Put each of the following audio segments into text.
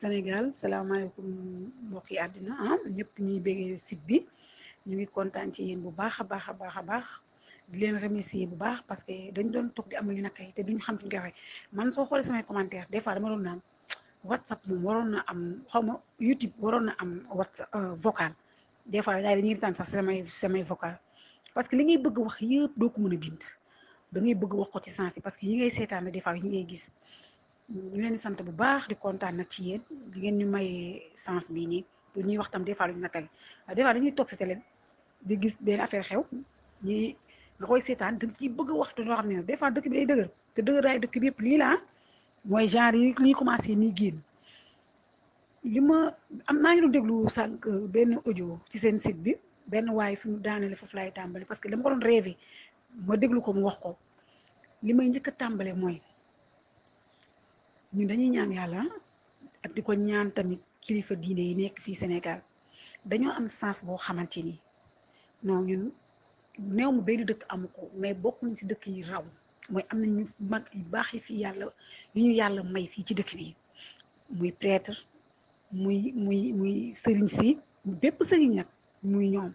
Sénégal salaamaaleykum mbokki àddina ah ñëpp ñuy béggee site bi ñu ngi kontaan ci yéen bu baax a baax a baax a baax di leen remercier bu baax parce que dañ doon toog di am lu ñu nakay te duñu xam fi ñu koy waxee man soo xoole samay commentaire des fois dama doon naan whatsapp moom waroon na am xaw ma youtube waroon na am whatsapp euh, vocal des fois daal dañuy tànn sax samay samay vocal parce que li ngay bëgg wax yëpp doo ko mën a bind da ngay bëgg wax ko ci sens yi parce que yi ngay seetaan des fois yi gis ñu leen di sant bu baax di kontaan nag ci yéen di ngeen ñu mayee sens bii nii pour ñuy wax tam des fois lu ñu nattale des fois dañuy toog si télé di gis benn affaire xew ñi nga koy seetaan da ciy bëgg a waxtu loo xam ne des fois dëkk bi day dëgër te dëgëraay dëkk bi yëpp lii laa mooy genre yi liy commencé ni génn li ma am naa ngi doon déglu sànq euh, benn audio ci seen site bi benn waaye fi mu daanele foofu laay tàmbali parce que dama ko doon rêvé ma déglu ko mu wax ko li may njëkk a tàmbale mooy ñun dañuy ñaan yàlla ak di ko ñaan tamit kilifa diine yi nekk fii Sénégal dañoo am sens boo xamante ni non ñun néew mu benn dëkk amuko ko bokkuñ ci dëkk yi raw mooy am na ñu mag yu baax yi fii yàlla yu ñu yàlla may fii ci dëkk bi muy prêtre muy muy muy sëriñ si bépp sëriñ nag muy ñoom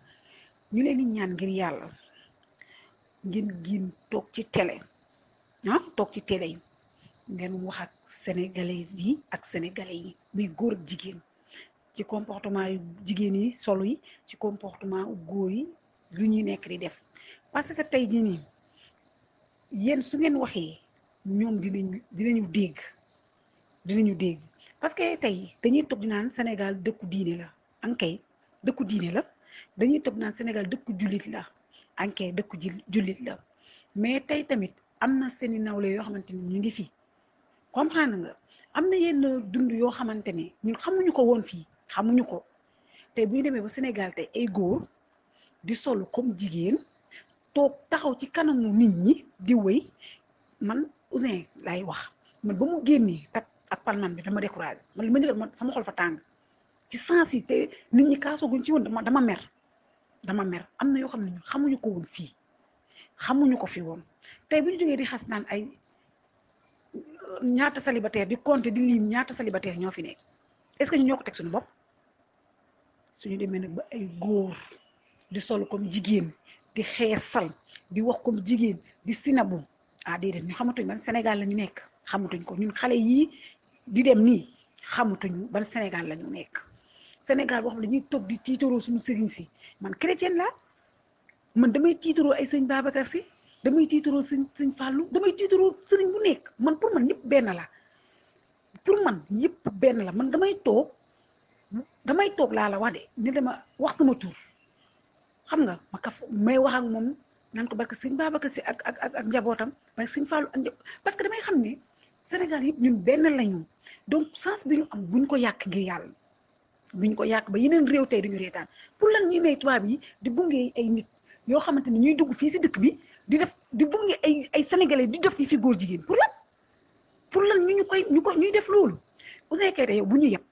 ñu leen ñaan ngir yàlla ngeen giin toog ci télé ah, toog ci télé yi. ngeen wax ak sénégalais yi ak sénégalais yi muy góor jigéen ci comportement yu jigéen yi solo yi ci comportement góor yi lu ñuy nekk di def parce que tey jii yéen su ngeen waxee ñoom dinañu dinañu dégg dinañu dégg parce que tey dañuy toog di naan Sénégal dëkku diine la ankay dëkku diine la dañuy toog naan Sénégal dëkku jullit la ankay dëkku jullit la mais tey tamit am na seeni nawle yoo xamante ni ñu ngi fi. comprendre nga am na yenn dund yoo xamante ne ñun xamuñu ko woon fii xamuñu ko tey bu ñu demee ba Sénégal tey ay góor di solu comme jigéen toog taxaw ci kanamu nit ñi di wéy man Ouzin lay wax man ba mu génnee tak ak parlement bi dama découragé man li ma njëkk man sama xol fa tàng ci sens yi te nit ñi kaasooguñ ci woon dama dama mer dama mer am na yoo xam ne ñun xamuñu ko woon fii xamuñu ko fi woon tey bu ñu jógee di xas naan ay. ñaata célibataire di compter di lim ñaata célibataire ñoo fi nekk est ce que ñu ñoo ko teg suñu bopp suñu demee nag ba ay góor di sol comme jigéen di xeesal di wax comme jigéen di sinabu ah déedéet ñu xamatuñ ban Sénégal la ñu nekk xamatuñ ko ñun xale yii di dem nii xamatuñu ban Sénégal la ñu nekk Sénégal boo xam ne dañuy toog di tiitaroo suñu sëriñ si man chrétien la man damay tiitaroo ay sëñ Babacar si damay tiitaroo sëñ sëñ Fallou damay tiitaroo sëriñ bu nekk man pour man ñëpp benn la pour man yëpp benn la man damay toog damay toog laala la wax de ne dama wax sama tur xam nga ma kaf may wax ak moom naan ko barke sëñ Babacar si ak ak ak ak njabootam barke sëñ Fallou ak parce que damay xam ni Sénégal yëpp ñun benn lañu donc sens bi ñu am buñ ko yàq ngir yàlla buñ ko yàq ba yeneen réew tey ñu reetaan pour lan ñuy may tubaab yi di gunge ay nit yoo xamante ni ñuy dugg fii si dëkk bi. di def di bëgg ay ay sénégalais di def yi fi góor jigéen pour lan pour lan ñu ñu koy ñu ko ñuy def loolu Ouzin Keita yow bu ñu yëpp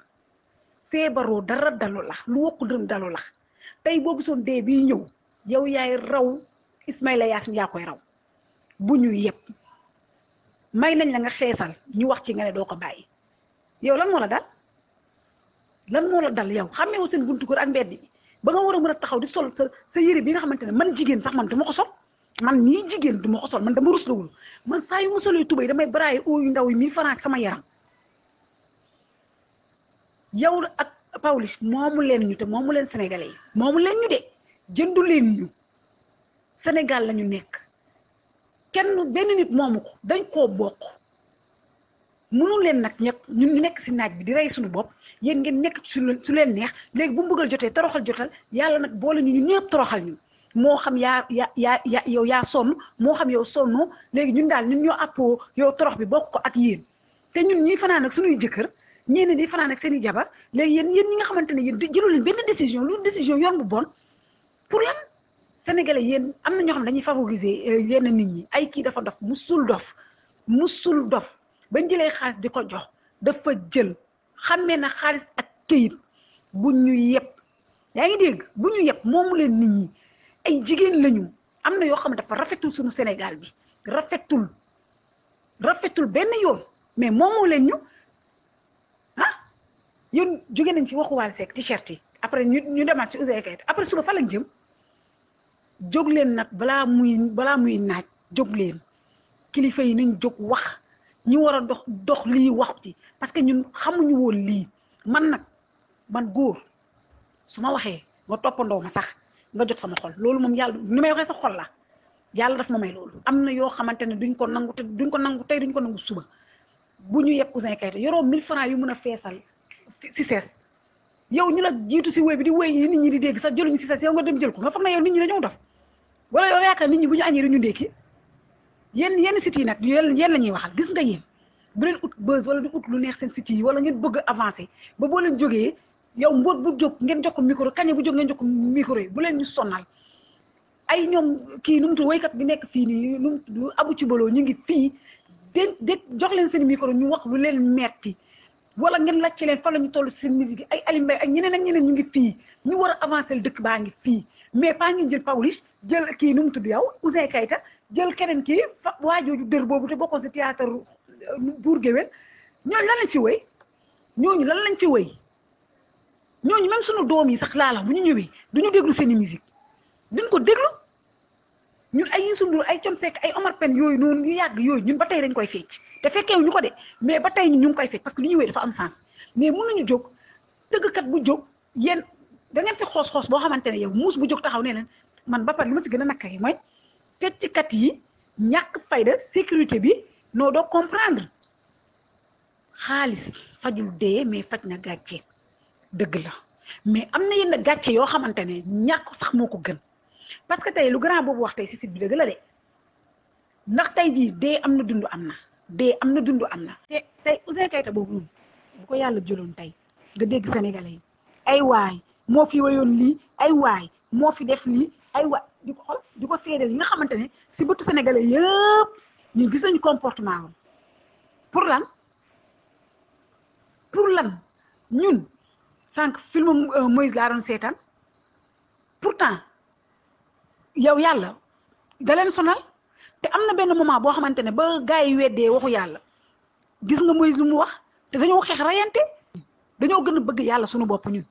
feebaroo dara daloo la lu wokku dërëm daloo lax tey boo gisoon dee bi ñëw yow yaay raw la Yacine yaa koy raw bu ñu yëpp may nañ la nga xeesal ñu wax ci nga ne doo ko bàyyi yow lan moo la dal lan moo la dal yow xamee woo seen buntu kër ak mbedd bi ba nga war a a taxaw di sol sa sa yére bi nga xamante ne man jigéen sax man dama ko man nii jigéen du ma ko sol man dama ruslawul man saa yu ma solee tubay damay baraaye ooyu ndaw yi mille francs sama yaram yow ak Pawlish moomu leen ñu te moomu leen sénégalais yi moomu leen ñu de jëndu leen ñu Sénégal la ñu nekk kenn benn nit moomu ko dañ koo bokk mënu leen nag ñëpp ñun ñu nekk si naaj bi di rey suñu bopp yéen ngeen nekk su leen neex léegi bu mu bëggal jotee toroxal jotal yàlla nag boole ñu ñu ñëpp toroxal ñu. moo xam yaa yaa yaa yow yaa sonn moo xam yow sonn léegi ñun daal ñun ñoo àppoo yow torox bi bokk ko ak yéen te ñun ñuy fanaan ak suñuy jëkkër ñeneen di fanaan ak seen i jabar léegi yéen yéen nga xamante ne yéen jëlu leen benn décision lu décision yoon bu bon pour lan sénégale yéen am na ñoo xam ne dañuy favoriser euh, yenn nit ñi ay kii dafa dof sul dof musul dof bañ jëlee xaalis di ko jox dafa jël xammee na xaalis ak këyit bu ñu yëpp yaa ngi dégg bu ñu yëpp moomu leen nit ñi ay jigéen lañu am na yoo xam ne dafa rafetul suñu Sénégal bi rafetul rafetul benn yoon mais moomoo leen ñu ah yéen jóge nañ ci waxu Wally Seck t-shirt yi après ñu ñu demaat ci Ouzin Keita après suba fa lañ jëm jóg leen nag balaa muy balaa muy naaj jóg leen kilifa yi nañ jóg wax ñu war a dox dox lii wax ci parce que ñun xamuñu woon lii man nag man góor su ma waxee ma toppandoo ma sax. nga jot sama xol loolu moom yàlla ni may waxee sa xol la yàlla daf ma may loolu am na yoo xamante ne duñ ko nangu te duñ ko nangu tey duñ ko nangu suba bu ñu yeb Ouzin Keita yoroo 1000 francs yu mën a feesal si sees yow ñu la jiitu si wéy bi di wéy yi nit ñi di dégg sax jëluñu si sees yow nga dem jël ko nga foog na yow nit ñi dañoo def wala yow yaakaar nit ñi bu ñu añee du ñu ndékki yenn yenn sites yi nag yéen yéen la ñuy waxal gis nga yéen bu leen ut buzz wala di ut lu neex seen sites yi wala ngeen bëgg avancé ba boo leen jógee yow mboot bu jóg ngeen jox ko micro kañe bu jóg ngeen jox ko micro yi bu leen ñu sonal ay ñoom kii nu mu tudd woykat bi nekk fii nii nu mu abu ci baloo ñu ngi fii de de jox leen seen micro ñu wax lu leen metti wala ngeen lacce leen fan ñu toll seen musique ay alimbay ak ñeneen ak ñeneen ñu ngi fii ñu war a avancer dëkk baa ngi fii mais pas ngi jël Pawlish jël kii nu bi tudd yow Ouzin Keita jël keneen kii fa waa jooju dër boobu te bokkoon si théâtre euh, buur géwél ñooñu lan lañ fi woy ñooñu lan lañ fi woy ñooñu même suñu doom yi sax laala bu ñu ñëwee duñu déglu seen i musique duñ ko déglu ñun ay Youssou ay Thione Seck ay Omar Pène yooyu noonu ñu yàgg yooyu ñun ba tey dañ koy fecc te fekkeewu ñu ko de mais ba tey ñu ngi koy fecc que li ñuy wéy dafa am sens mais mënuñu jóg tëggkat bu jóg yéen da ngeen fi boo xamante ne yow muus bu jóg taxaw ne leen man ba pare lu ma ci gën a nakka yi mooy kat yi ñàkk fayda sécurité bi noo doo comprendre xaalis fajul dee mais faj na gàcce dëgg la mais am na yenn gàcce yoo xamante ne ñàkk sax moo ko gën parce que tey lu grand boobu wax tey si site bi dëgg la de ndax tey jii dee am na dund am na dee am na dund am na. te tey Ouzin Keita boobu noonu bu ko yàlla jëloon tey ga dégg Sénégalais ay waay moo fi wayoon lii ay waay moo fi def lii ay waay di ko xool di ko seedeel yi nga xamante ne si bëtu Sénégalais yëpp ñu gis nañu comportement am pour lan pour lan ñun. sànq film euh, Moïse laa doon seetaan pourtant yow yàlla da leen sonal te am na benn moment boo xamante ne ba gars yi weddee waxu yàlla gis nga Moïse lu mu wax te dañoo xeex rayante dañoo gën a bëgg yàlla sunu bopp ñun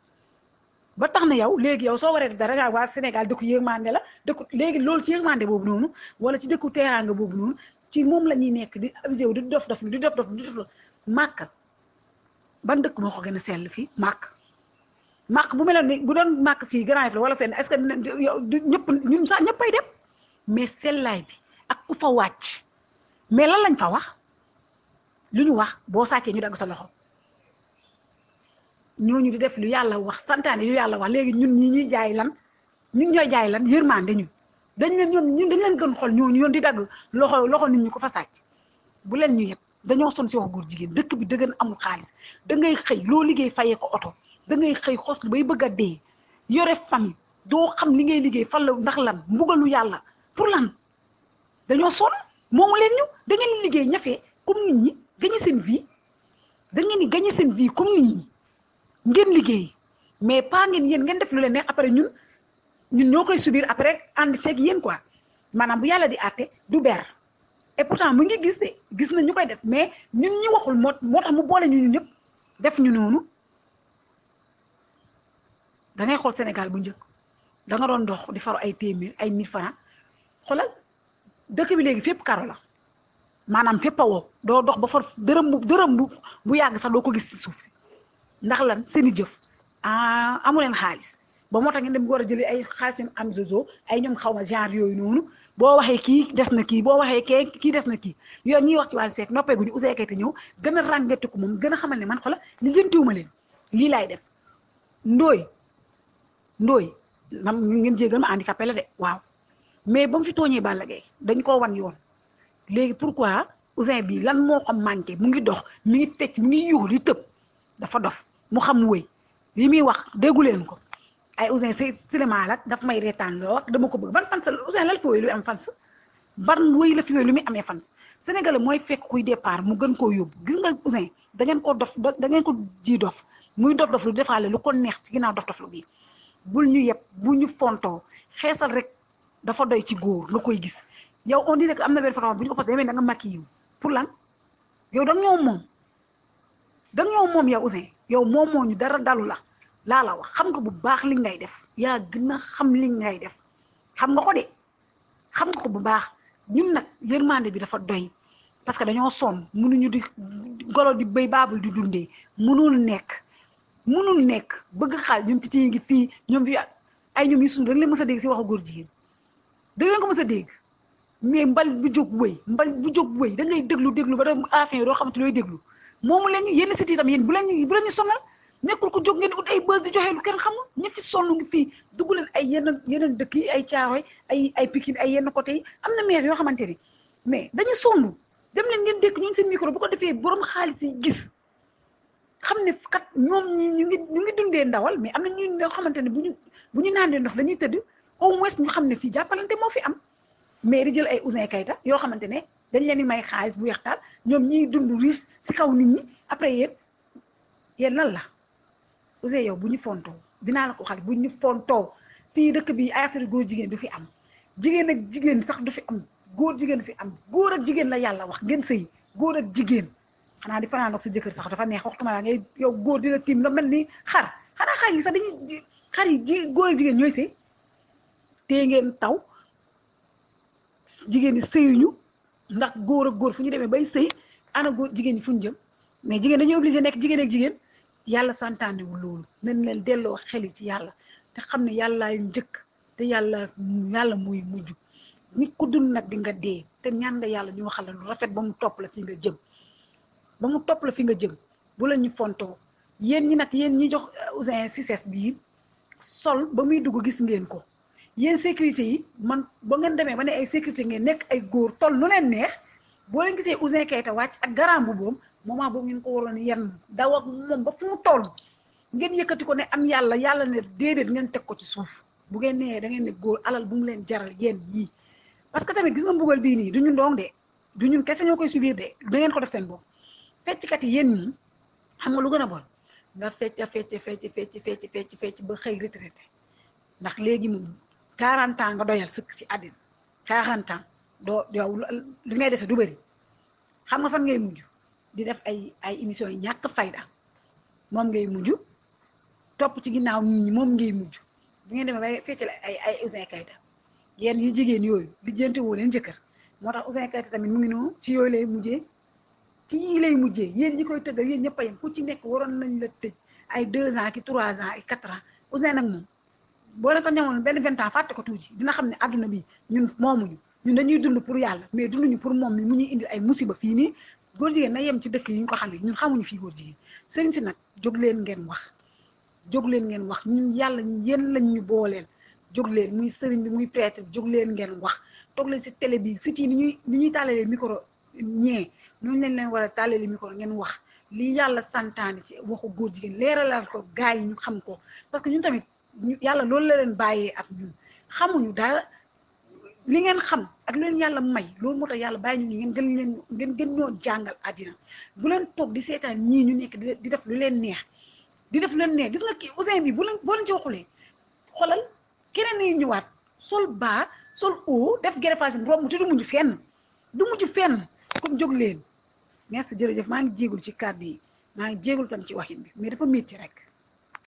ba tax na yow léegi yow soo waree dara waa Sénégal dëkku yërmande la dëkku léegi loolu ci yërmande boobu noonu wala ci dëkku teraanga boobu noonu ci moom la ñuy nekk di avisé wu di dof dof di dof dof di màkka ban dëkk moo ko gën a sell fii màkk màkk bu meloon ni bu doon màkk fii grand la wala fenn est-ce que ñëpp ñun sax ñëppay dem mais sellaay bi ak ku fa wàcc mais lan lañ fa wax lu ñu wax boo sàccee ñu dagg sa loxo ñu di def lu yàlla wax santaane lu yàlla wax léegi ñun ñi ñuy jaay lan ñun ñooy jaay lan yërmande ñun dañ leen ñoom ñun dañ leen gën xol ñooñu yoon di dagg loxo loxo nit ñu ko fa sàcc bu leen ñu yëpp dañoo son si wax góor jigéen dëkk bi dëggan amul xaalis da ngay xëy loo liggéey fayee ko oto da ngay xëy xoslu bay bëgg a dee yore famille doo xam li ngay liggéey fan la ndax lan mbugalu yàlla pour lan dañoo sonn moomu leen ñu da ngeen liggéey ñafee comme nit ñi gañe seen vie da ngeen di gañe seen vie comme nit ñi ngeen liggéey mais pas ngeen yéen ngeen def lu leen neex après ñun ñun ñoo koy subiir après ànd seeg yéen quoi maanaam bu yàlla di àtte du ber et pourtant mu ngi gis de gis na ñu koy def mais ñun ñi waxul moo moo tax mu boole ñu ñëpp def ñu noonu. dangay xool Sénégal bu njëkk da nga doon dox di faru ay téeméer ay mille francs xoolal dëkk bi léegi fépp karo la maanaam fépp a woo doo dox ba far dërëm bu dërëm bu bu yàgg sax doo ko gis ci suuf si ndax lan seeni jëf ah amu leen xaalis ba moo tax ngeen dem war a jëlee ay xaalis ñoom am zozo ay ñoom xaw ma genre yooyu noonu boo waxee kii des na kii boo waxee kee kii des na kii yoon ñuy wax ci wàllu seet noppee gu u usee te ñëw gën a ràngatiku moom gën a xamal ne man xoolal li jëntiwuma leen lii laay def ndooy ndooy nam ñu ngeen jégal ma a la de waaw mais ba mu fi tooñee Balla Gaye dañ koo wan yoon léegi pourquoi Ouzin bii lan moo ko manqué mu ngi dox mu ngi fecc mi ngi yuux li tëb dafa dof mu xam wëy li muy wax déggu leen ko ay Ouzin say cinéma la daf may reetaan loo dama ko bëgg ban fans Ouzin lan fi wëy lu am fans ban wëy la fi wëy lu muy amee fans Sénégal mooy fekk kuy départ mu gën koo yóbbu gis nga Ouzin da ngeen ko dof da ngeen ko ji dof muy dof dof defaale lu ko neex ci ginnaaw dof bii bul ñu yeb bu ñu fontoo xeesal rek dafa doy ci góor nga koy gis yow on dirait que am na benn photo bu ñu ko posté da nga maquillé pour lan yow da da nga ñoo moom yow Ouzin moo ñu dara dalu la laa wax xam nga bu baax li ngay def ya gën xam li ngay def xam nga ko de xam nga ko bu baax ñun nag yërmande bi dafa doy parce que dañoo sonn mënuñu di golo di béy baabul di dundee mënul nekk. mënul nekk bëgg xaal ñoom titi yi ngi fii ñoom fi ay ñoom yi suñu da nga leen mës a dégg si waxu góor jigéen da nga leen ko mës a dégg mais mbal bu jóg wëy mbal bu jóg wëy da ngay déglu déglu ba doon affaire doo xamante looy déglu moomu leen ñu yenn sit yi tam yéen bu leen ñu bu leen ñu sonal nekkul ku jóg ngeen ut ay bës di joxe fi sonn ngi fii dugg leen ay yeneen yeneen dëkk yi ay caaroy ay ay pikin ay yenn côté am na maire yoo xamante ni mais dañu sonn dem leen ngeen dékk ñun seen micro bu ko defee borom xaalis yi gis xam ne kat ñoom ñi ñu ngi ñu dundee ndawal mais am na ñu ñoo xamante ne bu ñu bu ñu naanee ndox dañuy tëdd au moins ñu xam ne fii jàppalante moo fi am mairie jël ay Ouzin Keita yoo xamante ne dañ leen di may xaalis bu yaxtaal ñoom ñiy dund riche si kaw nit ñi après yéen yéen la Ouzin yow bu ñu fontoo dinaa la ko waxal bu ñu fontoo fii dëkk bi ay affaire góor jigéen du fi am jigéen nag jigéen sax du fi am góor jigéen fi am góor jigéen la yàlla wax ngeen sëy góor ak jigéen xanaa di fanaan ak sa jëkkër sax dafa neex waxtu ma la yow góor dina tiim nga mel ni xar xanaa xar yi sax dañuy xar yi ji góor jigéen ñooy sëy tee ngeen taw jigéen ñi sëyuñu ndax góor a góor fu ñu demee bay sëy ana góor jigéen ñi fu ñu jëm mais jigéen dañuy obligé nekk jigéen ak jigéen yàlla santaanewul loolu na leen delloo xel yi ci yàlla te xam ne yàllaay njëkk te yàlla yàlla muy mujj nit ku dund nag di nga dee te ñaan nga yàlla ñu waxal la lu rafet ba mu topp la fi jëm ba mu topp la fi nga jëm bu la ñu fontoo yéen ñi nag yéen ñi jox euh, Ouzin Cissé bii sol ba muy dugg gis ngeen ko yéen sécurité yi man ba ngeen demee ba ne ay sécurité ngeen nekk ay góor toll nu leen neex boo leen gisee Ouzin Keita wàcc ak garaam bu boom moment boobu ngeen ko waroon yenn daw ak moom ba fu mu toll ngeen yëkkati ko ne am yàlla yàlla ne déedéet ngeen teg ko ci suuf bu ngeen nee da ngeen ne góor alal bu leen jaral yéen yii parce que tamit gis nga mbugal bii nii du ñun doong de du ñun kese ñoo koy subir de da ngeen ko def seen bopp fecckat yi yéen ñi xam nga lu gën a bon nga fecca fecc fecc fecc fecc fecc ba xëy retraité ndax léegi moom 40 ans nga doyal sëkk ci àddina 40 ans doo yow li ngay dese du bëri xam nga fan ngay mujj di def ay ay émissions yi ñàkk fayda moom ngay mujj topp ci ginnaaw moom ngay mujj bu ngeen demee ba feccale ay ay Ouzin Keita yenn yi jigéen yooyu lijjanti woo leen jëkkër moo tax Ouzin Keita tamit mu ngi noonu ci yooyu lay mujjee ci yii lay mujjee yéen ñi koy tëggal yéen ñëpp a yem ku ci nekk waroon nañ la tëj ay deux ans ki trois ans ay quatre ans Ouzin nag moom boo leen ko ñamoon benn vingt ans fàtte ko tuuti dina xam ne àdduna bi ñun moomuñu ñun dañuy dund pour yàlla mais dunduñu pour moom mi mu ñuy indi ay musiba fii nii góor jigéen na yem ci dëkk yi ñu ko xam ne ñun xamuñu fii góor jigéen sëriñ si nag jóg leen ngeen wax jóg leen ngeen wax ñun yàlla yéen lañ ñu booleel jóg leen muy sëriñ bi muy prêtre jóg leen ngeen wax toog leen si télé bi si tii ñuy ni ñuy tàllalee micro ñee ñooñu leen leen war a tàllali micro ngeen wax li yàlla santaane ci waxu góor jigéen leeralal ko gars yi ñu xam ko parce que ñun tamit yàlla loolu la leen bàyyee ak ñun xamuñu daal li ngeen xam ak lu leen yàlla may loo moo yàlla bàyyi ñu ngeen gën leen ngeen gën ñoo jàngal àddina bu leen toog di seetaan ñii ñu nekk di def lu leen neex di def lu leen neex gis nga kii Ousseyn bi bu leen boo leen ci waxulee xoolal keneen yi ñëwaat sol baa sol def gërëfaas bi romb te du mujj fenn du mujj fenn comme jóg leen. merci jërëjëf maa ngi jéegul ci kàddu yi maa ngi tam ci waxin bi mais dafa métti rek